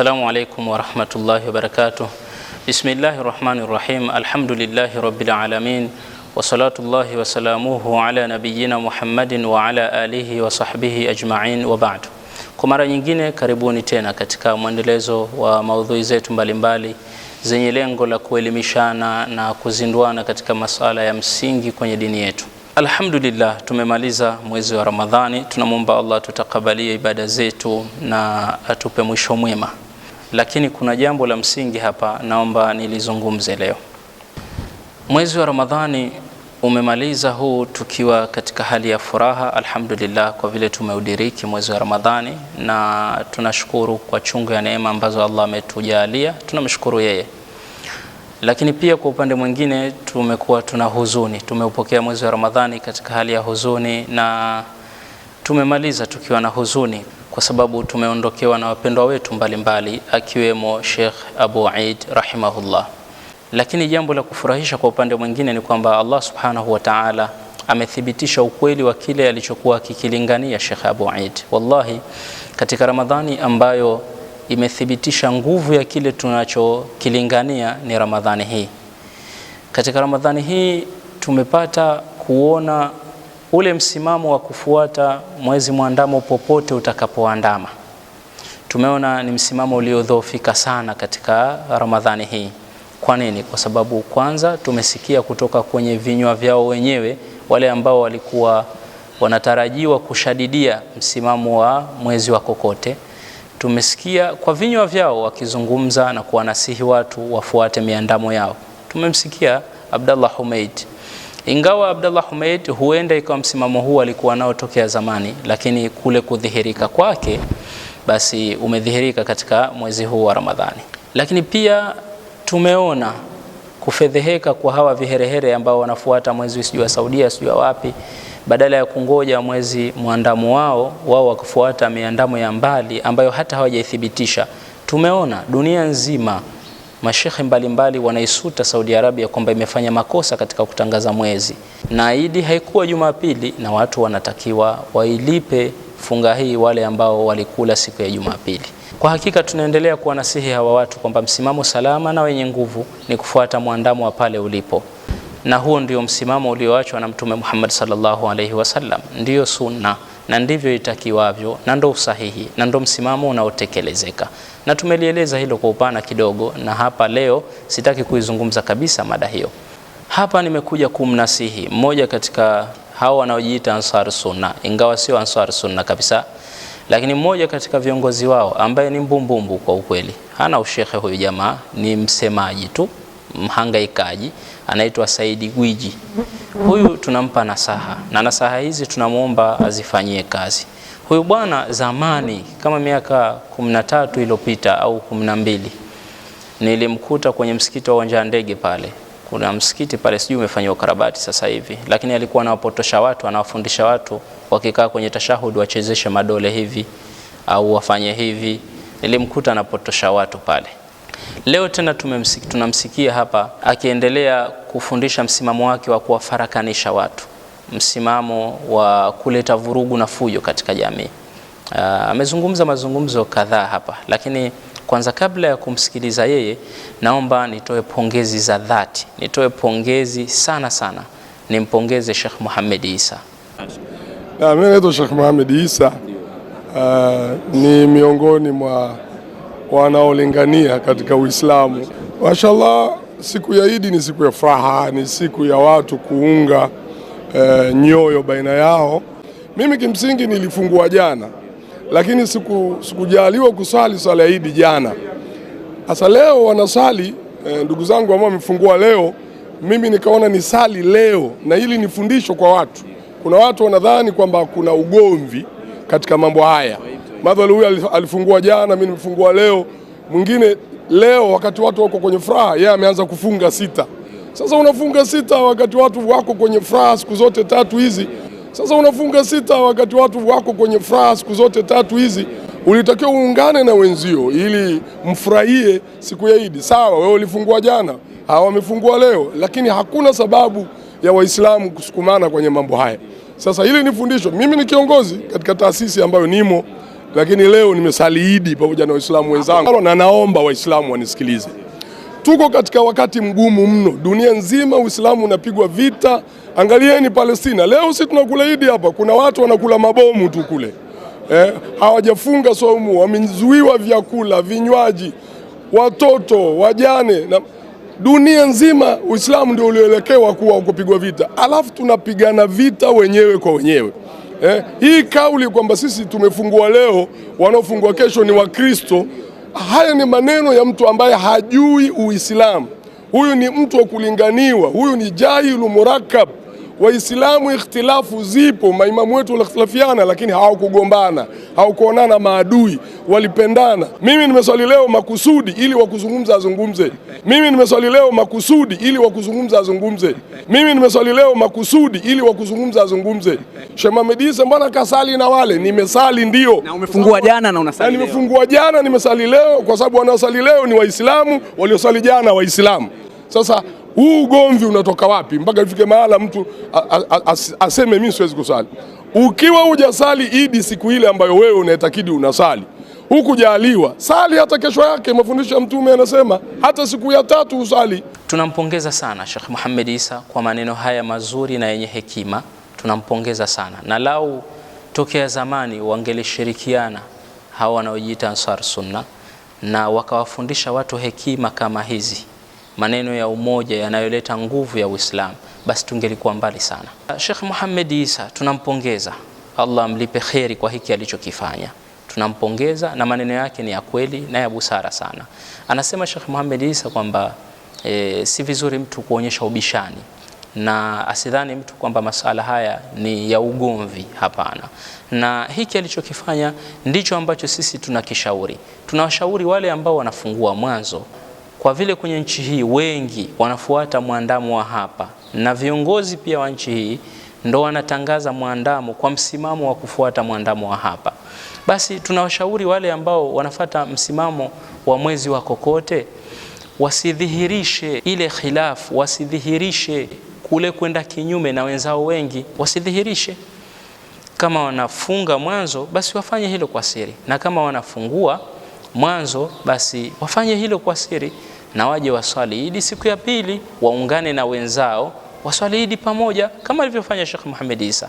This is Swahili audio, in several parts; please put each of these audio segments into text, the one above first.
عليكم alaikum warahmatullahi wabarakatuh. Bismillahi rahmani rahim. الرحيم الحمد لله رب wasalamuhu وصلاة الله وسلامه على نبينا محمد وعلى آله ajmain أجمعين وبعد Kwa mara nyingine, karibuni tena katika mwendelezo wa maudhui zetu mbalimbali zenye lengo la kuelimishana na kuzinduana katika masala ya msingi kwenye dini yetu. Alhamdulillah, tumemaliza mwezi wa Ramadhani. Tunamwomba Allah tutakabalie ibada zetu na atupe mwisho mwema lakini kuna jambo la msingi hapa naomba nilizungumze leo. Mwezi wa Ramadhani umemaliza huu tukiwa katika hali ya furaha, alhamdulillah, kwa vile tumeudiriki mwezi wa Ramadhani na tunashukuru kwa chungu ya neema ambazo Allah ametujalia, tunamshukuru yeye. Lakini pia kwa upande mwingine tumekuwa tuna huzuni, tumeupokea mwezi wa Ramadhani katika hali ya huzuni na tumemaliza tukiwa na huzuni kwa sababu tumeondokewa na wapendwa wetu mbalimbali mbali, akiwemo Sheikh Abu Eid rahimahullah. Lakini jambo la kufurahisha kwa upande mwingine ni kwamba Allah subhanahu wa ta'ala amethibitisha ukweli wa kile alichokuwa akikilingania Sheikh Abu Eid. Wallahi, katika Ramadhani ambayo imethibitisha nguvu ya kile tunachokilingania ni Ramadhani hii. Katika Ramadhani hii tumepata kuona ule msimamo wa kufuata mwezi mwandamo popote utakapoandama. Tumeona ni msimamo uliodhoofika sana katika Ramadhani hii. Kwa nini? Kwa sababu kwanza tumesikia kutoka kwenye vinywa vyao wenyewe wale ambao walikuwa wanatarajiwa kushadidia msimamo wa mwezi wa kokote. Tumesikia kwa vinywa vyao wakizungumza na kuwanasihi watu wafuate miandamo yao. Tumemsikia Abdallah Humeid ingawa Abdallah Humeid huenda ikawa msimamo huu alikuwa nao tokea zamani, lakini kule kudhihirika kwake basi umedhihirika katika mwezi huu wa Ramadhani. Lakini pia tumeona kufedheheka kwa hawa viherehere ambao wanafuata mwezi sijui wa Saudia sijui wa wapi, badala ya kungoja mwezi mwandamo wao, wao wakufuata miandamo ya mbali ambayo hata hawajaithibitisha. Tumeona dunia nzima mashekhe mbalimbali wanaisuta Saudi Arabia kwamba imefanya makosa katika kutangaza mwezi, na Idi haikuwa Jumapili, na watu wanatakiwa wailipe funga hii wale ambao walikula siku ya Jumapili. Kwa hakika tunaendelea kuwanasihi hawa watu kwamba msimamo salama na wenye nguvu ni kufuata mwandamo wa pale ulipo, na huo ndio msimamo ulioachwa na Mtume Muhammad sallallahu alaihi wasallam, ndiyo sunna na ndivyo itakiwavyo, na ndo usahihi na ndo msimamo unaotekelezeka, na tumelieleza hilo kwa upana kidogo, na hapa leo sitaki kuizungumza kabisa mada hiyo. Hapa nimekuja kumnasihi mmoja katika hao wanaojiita Ansar Sunna, ingawa sio Ansar Sunna kabisa, lakini mmoja katika viongozi wao ambaye ni mbumbumbu kwa ukweli, hana ushehe huyu jamaa, ni msemaji tu, mhangaikaji anaitwa Saidi Gwiji. Huyu tunampa nasaha na nasaha hizi tunamwomba azifanyie kazi. Huyu bwana zamani kama miaka kumi na tatu iliyopita au kumi na mbili nilimkuta kwenye msikiti wa uwanja wa ndege pale. Kuna msikiti pale, sijui umefanyiwa ukarabati sasa hivi, lakini alikuwa anawapotosha watu, anawafundisha watu wakikaa kwenye tashahudi wachezeshe madole hivi au wafanye hivi. Nilimkuta anapotosha watu pale. Leo tena tumemsikia, tunamsikia hapa akiendelea kufundisha msimamo wake wa kuwafarakanisha watu, msimamo wa kuleta vurugu na fujo katika jamii. Ah, amezungumza mazungumzo kadhaa hapa, lakini kwanza, kabla ya kumsikiliza yeye, naomba nitoe pongezi za dhati, nitoe pongezi sana sana, nimpongeze Sheikh Muhammad Isa. Ah, mimi naitwa Sheikh Muhammad Isa, ah, ni miongoni mwa wanaolingania katika Uislamu. Mashallah, siku ya Idi ni siku ya furaha, ni siku ya watu kuunga e, nyoyo baina yao. Mimi kimsingi nilifungua jana, lakini siku sikujaliwa kusali swala ya Idi jana. Sasa leo wanasali e, ndugu zangu ambao wamefungua leo, mimi nikaona ni sali leo, na hili ni fundisho kwa watu. Kuna watu wanadhani kwamba kuna ugomvi katika mambo haya. Madhali huyu alifungua jana, mimi nimefungua leo, mwingine leo, wakati watu wako kwenye furaha, yeye ameanza kufunga sita. Sasa unafunga sita wakati watu wako kwenye furaha siku zote tatu hizi. Sasa unafunga sita wakati watu wako kwenye furaha siku zote tatu hizi. Ulitakiwa uungane na wenzio ili mfurahie siku ya Idi. Sawa, wewe ulifungua jana, hawa wamefungua leo, lakini hakuna sababu ya Waislamu kusukumana kwenye mambo haya. Sasa hili ni fundisho. Mimi ni kiongozi katika taasisi ambayo nimo lakini leo nimesaliidi pamoja na Waislamu wenzangu, na naomba Waislamu wanisikilize. Tuko katika wakati mgumu mno, dunia nzima Uislamu unapigwa vita. Angalieni Palestina leo, si tunakula idi hapa, kuna watu wanakula mabomu tu kule eh, hawajafunga saumu, wamezuiwa vyakula, vinywaji, watoto, wajane na dunia nzima Uislamu ndio ulioelekewa kuwa kupigwa vita, alafu tunapigana vita wenyewe kwa wenyewe. Eh, hii kauli kwamba sisi tumefungua leo, wanaofungua kesho ni Wakristo, haya ni maneno ya mtu ambaye hajui Uislamu. Huyu ni mtu wa kulinganiwa, huyu ni jahilu murakab Waislamu ikhtilafu zipo, maimamu wetu walikhtilafiana, lakini hawakugombana, hawakuonana maadui, walipendana. Mimi nimeswali leo makusudi ili wakuzungumza azungumze. Mimi nimeswali leo makusudi ili wakuzungumza azungumze. Mimi nimeswali leo makusudi ili wakuzungumza azungumze. Shema Mohamed mbona kasali na wale? Nimesali ndio, na umefungua jana na unasali leo. Nimefungua jana, nimesali leo, kwa sababu wanaosali leo ni Waislamu, waliosali jana Waislamu. Sasa huu ugomvi unatoka wapi mpaka ifike mahala mtu aseme mimi siwezi kusali? Ukiwa hujasali Idi siku ile ambayo wewe unaitakidi unasali, hukujaaliwa sali hata kesho yake. Mafundisho ya Mtume anasema hata siku ya tatu usali. Tunampongeza sana Sheikh Muhammad Isa kwa maneno haya mazuri na yenye hekima, tunampongeza sana na lau tokea zamani wangelishirikiana hawa wanaojiita Ansar Sunna na wakawafundisha watu hekima kama hizi maneno ya umoja yanayoleta nguvu ya Uislamu, basi tungelikuwa mbali sana. Sheikh Muhammad Isa tunampongeza, Allah amlipe kheri kwa hiki alichokifanya tunampongeza na maneno yake ni ya kweli na ya busara sana. Anasema Sheikh Muhammad Isa kwamba e, si vizuri mtu kuonyesha ubishani, na asidhani mtu kwamba masala haya ni ya ugomvi. Hapana, na hiki alichokifanya ndicho ambacho sisi tunakishauri. Tunawashauri wale ambao wanafungua mwanzo kwa vile kwenye nchi hii wengi wanafuata mwandamo wa hapa na viongozi pia wa nchi hii ndo wanatangaza mwandamo kwa msimamo wa kufuata mwandamo wa hapa, basi tunawashauri wale ambao wanafata msimamo wa mwezi wa kokote wasidhihirishe ile khilafu, wasidhihirishe kule kwenda kinyume na wenzao wengi, wasidhihirishe. Kama wanafunga mwanzo, basi wafanye hilo kwa siri, na kama wanafungua mwanzo, basi wafanye hilo kwa siri na waje waswali Idi siku ya pili, waungane na wenzao waswali Idi pamoja kama alivyofanya Sheikh Muhammad Isa,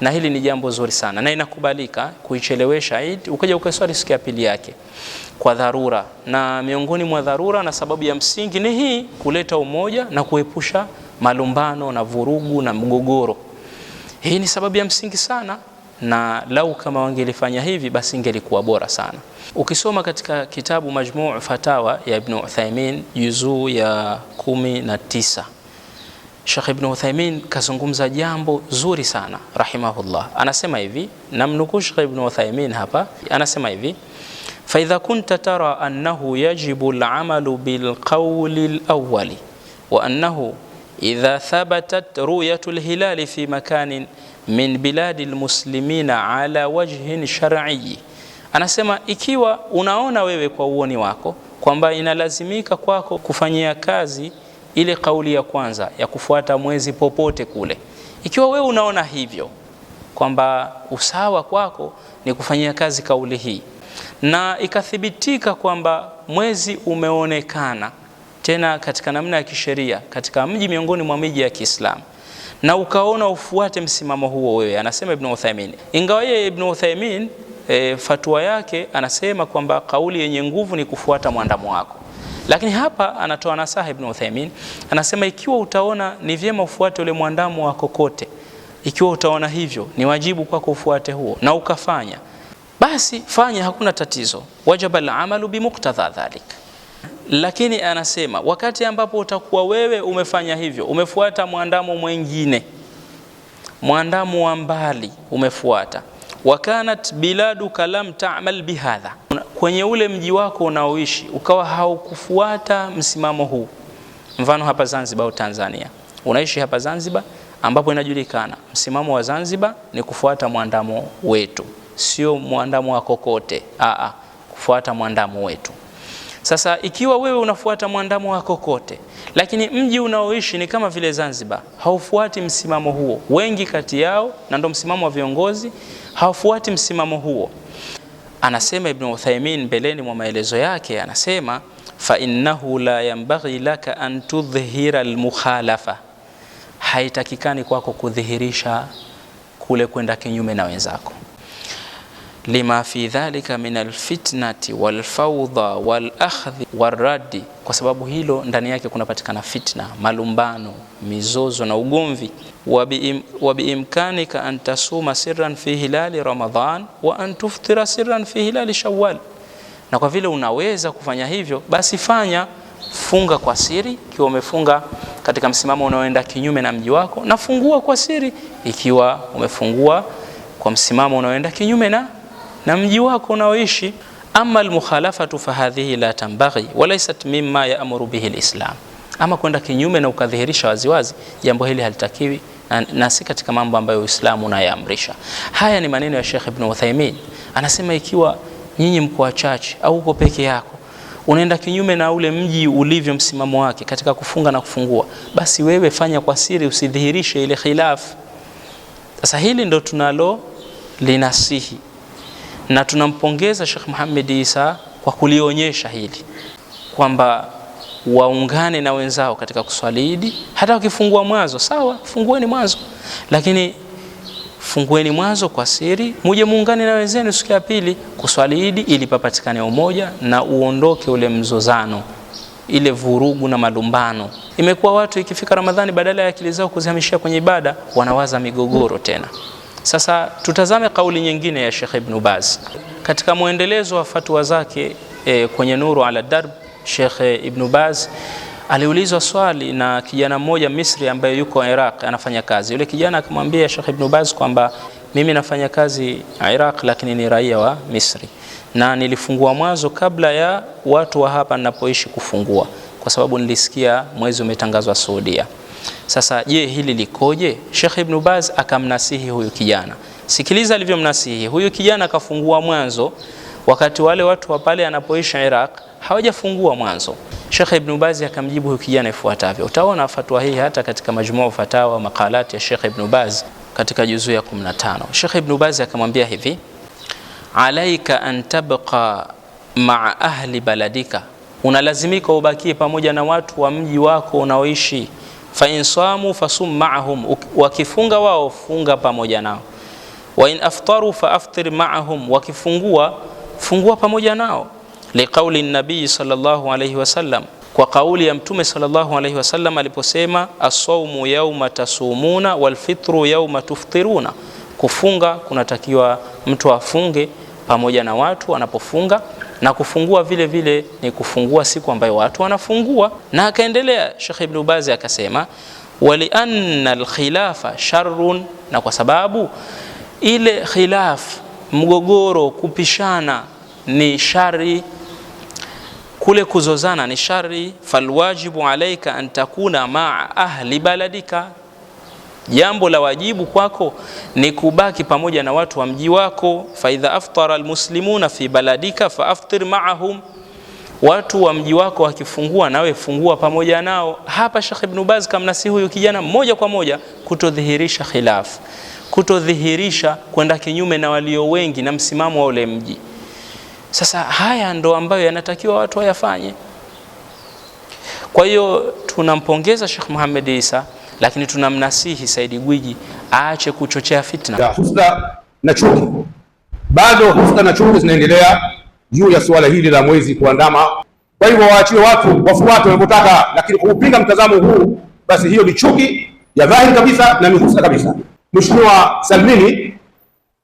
na hili ni jambo zuri sana na inakubalika kuichelewesha Eid ukaja ukaswali siku ya pili yake kwa dharura. Na miongoni mwa dharura na sababu ya msingi ni hii, kuleta umoja na kuepusha malumbano na vurugu na mgogoro. Hii ni sababu ya msingi sana na lau kama wangelifanya hivi basi ingelikuwa bora sana. Ukisoma katika kitabu Majmuu Fatawa ya Ibn Uthaimin juzuu ya kumi na tisa Sheikh Ibn Uthaimin kazungumza jambo zuri sana rahimahullah, anasema hivi, namnukuu Sheikh Ibn Uthaimin hapa, anasema hivi faidha kunta tara annahu yajibu alamalu bilqauli alawali wa annahu idha thabatat ruyatul hilali fi makanin min biladi lmuslimina ala wajhin shar'i, anasema ikiwa unaona wewe kwa uoni wako kwamba inalazimika kwako kufanyia kazi ile kauli ya kwanza ya kufuata mwezi popote kule, ikiwa wewe unaona hivyo kwamba usawa kwako ni kufanyia kazi kauli hii na ikathibitika kwamba mwezi umeonekana tena katika namna ya kisheria katika mji miongoni mwa miji ya Kiislamu na ukaona ufuate msimamo huo wewe, anasema Ibn Uthaymeen. Ingawa yeye Ibn Uthaymeen e, eh, fatwa yake anasema kwamba kauli yenye nguvu ni kufuata mwandamo wako, lakini hapa anatoa nasaha Ibn Uthaymeen, anasema ikiwa utaona ni vyema ufuate ule mwandamo wako kote, ikiwa utaona hivyo ni wajibu kwako ufuate huo na ukafanya, basi fanya, hakuna tatizo. Wajaba al-amalu bimuqtadha dhalika lakini anasema wakati ambapo utakuwa wewe umefanya hivyo, umefuata mwandamo mwengine, mwandamo wa mbali umefuata, wakanat biladuka lam tamal bihadha, kwenye ule mji wako unaoishi ukawa haukufuata msimamo huu. Mfano hapa Zanzibar au Tanzania, unaishi hapa Zanzibar ambapo inajulikana msimamo wa Zanzibar ni kufuata mwandamo wetu, sio mwandamo wa kokote. Aa, kufuata mwandamo wetu. Sasa ikiwa wewe unafuata mwandamo wako kote, lakini mji unaoishi ni kama vile Zanzibar, haufuati msimamo huo. Wengi kati yao, na ndo msimamo wa viongozi, haufuati msimamo huo. Anasema Ibn Uthaymeen mbeleni mwa maelezo yake, anasema fa innahu la yambaghi laka an tudhhira almukhalafa, haitakikani kwako kudhihirisha kule kwenda kinyume na wenzako lima fi dhalika min alfitnati walfaudha walakhdhi waradi, kwa sababu hilo ndani yake kunapatikana fitna, malumbano, mizozo na ugomvi. Wa biimkanika an tasuma sirran fi hilali ramadan wa an tuftira sirran fi hilali Shawwal, na kwa vile unaweza kufanya hivyo, basi fanya funga kwa siri ikiwa umefunga katika msimamo unaoenda kinyume na mji wako, na fungua kwa siri ikiwa umefungua kwa msimamo unaoenda kinyume na na mji wako unaoishi. Ama almukhalafatu fahadhihi la tambaghi walaysat mimma yaamuru bihi lislam, ama kwenda kinyume na ukadhihirisha waziwazi jambo hili halitakiwi na, na si katika mambo ambayo Uislamu unayaamrisha. Haya ni maneno ya Sheikh Ibn Uthaymeen, anasema ikiwa nyinyi mko wachache au uko peke yako unaenda kinyume na ule mji ulivyo msimamo wake katika kufunga na kufungua, basi wewe fanya kwa siri, usidhihirishe ile khilafu. Sasa hili ndo tunalo linasihi na tunampongeza Sheikh Muhammad Isa kwa kulionyesha hili kwamba waungane na wenzao katika kuswali Idi. Hata wakifungua mwanzo, sawa, fungueni mwanzo, lakini fungueni mwanzo kwa siri, muje muungane na wenzenu siku ya pili kuswali Idi ili papatikane umoja na uondoke ule mzozano, ile vurugu na malumbano. Imekuwa watu ikifika Ramadhani, badala ya akili zao kuzihamishia kwenye ibada, wanawaza migogoro tena. Sasa tutazame kauli nyingine ya Sheikh Ibn Baz katika mwendelezo wa fatwa zake e, kwenye Nuru ala Darb. Sheikh Ibn Baz aliulizwa swali na kijana mmoja Misri ambaye yuko Iraq anafanya kazi. Yule kijana akamwambia Sheikh Ibn Baz kwamba mimi nafanya kazi Iraq, lakini ni raia wa Misri na nilifungua mwanzo kabla ya watu wa hapa ninapoishi kufungua, kwa sababu nilisikia mwezi umetangazwa Saudia. Sasa je, hili likoje? Sheikh Ibn Baz akamnasihi huyu kijana, sikiliza alivyomnasihi huyu kijana. Akafungua mwanzo, wakati wale watu wa pale anapoishi Iraq hawajafungua mwanzo. Sheikh Ibn Baz akamjibu huyu kijana ifuatavyo. Utaona fatwa hii hata katika majmua fatawa makalati ya Sheikh Ibn Baz katika juzuu ya 15. Sheikh Ibn Baz akamwambia hivi, alaika an tabqa maa ahli baladika, unalazimika ubakie pamoja na watu wa mji wako unaoishi fa in samu fasum maahum, wakifunga wao funga pamoja nao. Wa in aftaru fa aftir maahum, wakifungua fungua pamoja nao. Liqauli nabii sallallahu alayhi wasallam, kwa kauli ya Mtume sallallahu alayhi wasallam aliposema, asaumu yauma tasumuna walfitru yauma tuftiruna, kufunga kunatakiwa mtu afunge pamoja na watu anapofunga na kufungua vile vile ni kufungua siku ambayo watu wanafungua. Na akaendelea Sheikh Ibn Baz akasema, walianna alkhilafa sharrun, na kwa sababu ile khilaf, mgogoro, kupishana ni shari, kule kuzozana ni shari. Falwajibu alaika an takuna maa ahli baladika Jambo la wajibu kwako ni kubaki pamoja na watu wa mji wako. faidha aftara almuslimuna fi baladika faaftir maahum, watu wa mji wako wakifungua, nawe fungua pamoja nao. Hapa Sheikh Ibn Baz kamnasihi huyu kijana moja kwa moja kutodhihirisha khilafu, kutodhihirisha kwenda kinyume na walio wengi na msimamo wa ule mji. Sasa haya ndo ambayo yanatakiwa watu wayafanye. Kwa hiyo tunampongeza Sheikh Muhammad Isa lakini tunamnasihi Said Gwiji aache kuchochea fitna, husda na chuki. Bado husda na chuki zinaendelea juu ya suala hili la mwezi kuandama. Kwa hivyo waachiwe watu wafuate wanapotaka, lakini kuupinga mtazamo huu, basi hiyo ni chuki ya dhahiri kabisa na ni husda kabisa. Mheshimiwa Salmini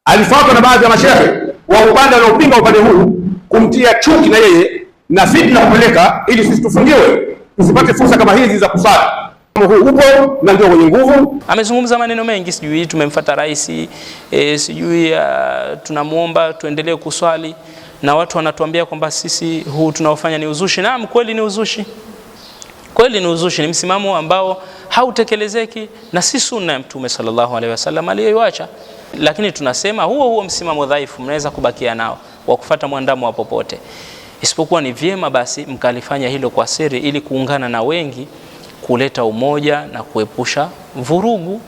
alifuatwa na baadhi ya mashehe wa upande wanaopinga upande huu kumtia chuki na yeye na fitna kupeleka, ili sisi tufungiwe tusipate fursa kama hizi za kusali huu upo na ndio wenye nguvu. Amezungumza maneno mengi, sijui tumemfuata rais e, sijui e, tunamuomba tuendelee kuswali na watu wanatuambia kwamba sisi huu tunaofanya ni uzushi. Naam, kweli ni uzushi, kweli ni uzushi, ni msimamo ambao hautekelezeki na si sunna ya Mtume sallallahu alaihi wasallam aliyoiacha. Lakini tunasema huo huo msimamo dhaifu mnaweza kubakia nao wa kufuata mwandamo wa popote, isipokuwa ni vyema basi mkalifanya hilo kwa siri, ili kuungana na wengi kuleta umoja na kuepusha vurugu.